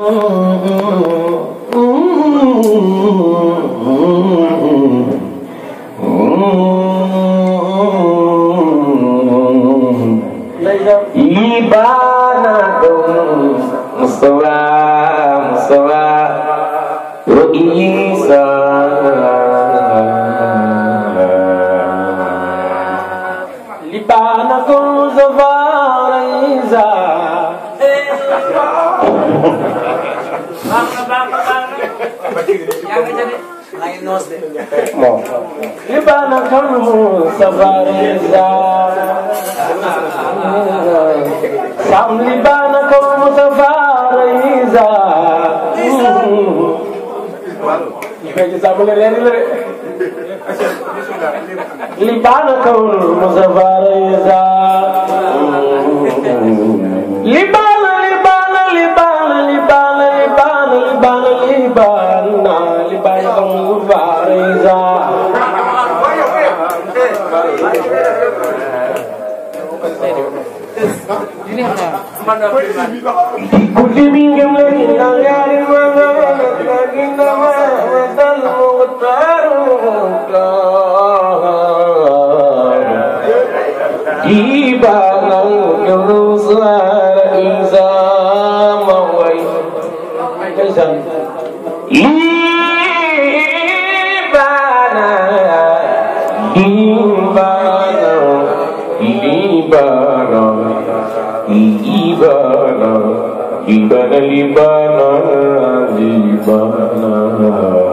Ibana Mustafa bon. libaana kalmu safari zaa. sam libaana kalmu safari zaa. mu ne كتب جملة الغار وغارت لكنما مدى المغتار جيبان الجوزار إلزام وي جيبان جيبان جيبان جبانا جبانا لبانا جبانا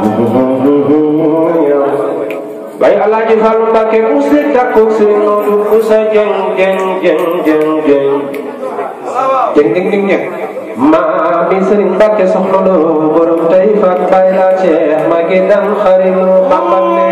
Thank you. bay alaaji Faalu Mbàkke mu si takku si noonu mu sa jeng jeng jeng jeng jeng jeng jeng jeng jeng maa mi Sëriñ Mbàkke soxna loo borom tey fat bay laa ceex ma gi dam xarit lu xamal ne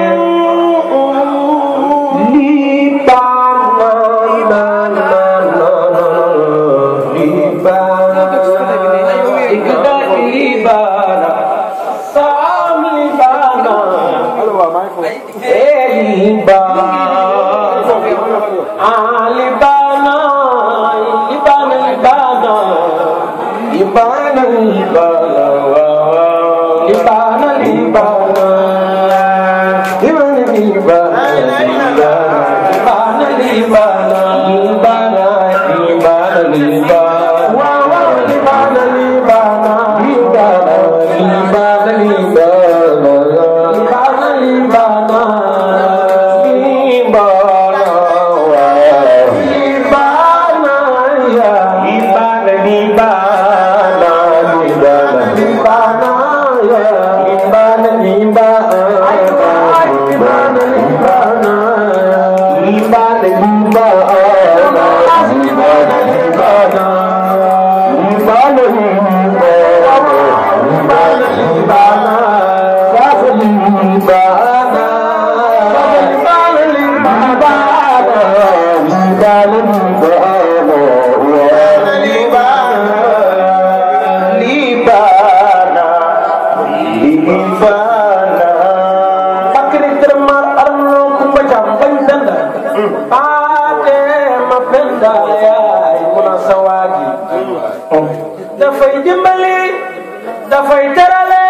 dafay terale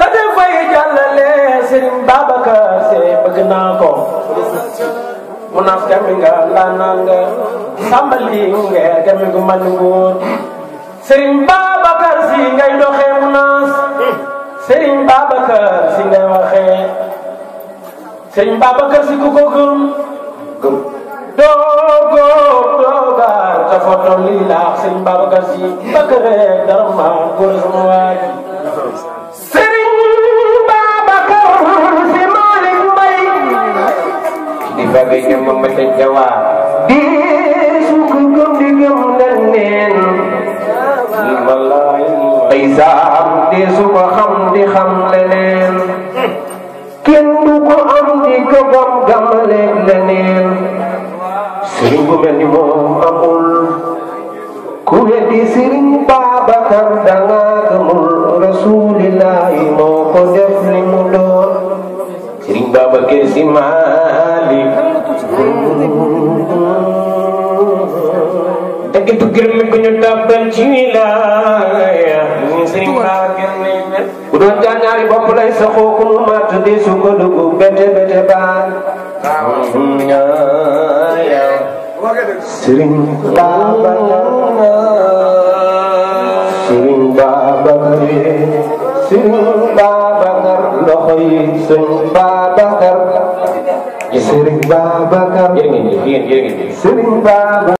te dafay jàllale Serigne Babacar Sy bëgg naa ko mu naaf gami nga laa naan nga sàmbali nga gami gu man nguur Serigne Babacar Sy ngay doxee mu naas Serigne Babacar Sy ngay waxee Serigne Babacar Sy ku ko gëm gëm dafa doon lii laa sëñ Babacar Si bëgg rek dara maa góor sama waay bage jëmm ma ca jawaar di sukk gëm di gëm na neen li wallaay ay saam di su ko xam di xam leneen kenn du ko am di ko gam gam leneen Sungguh menimum amul Kuhe disiring tabakar danga gemul Rasulillahi moko defli mudon Siring baba kesi malik Tegi tukir mikunya dapan cila Siring bagen nene Udah nyari bapulai sokokunu matu di suku duku bete bete ban Nyayang Sëriñ Babacar Sëriñ Babacar Sëriñ Babacar loxo yi Sëriñ Babacar Sëriñ Babacar Sëriñ Babacar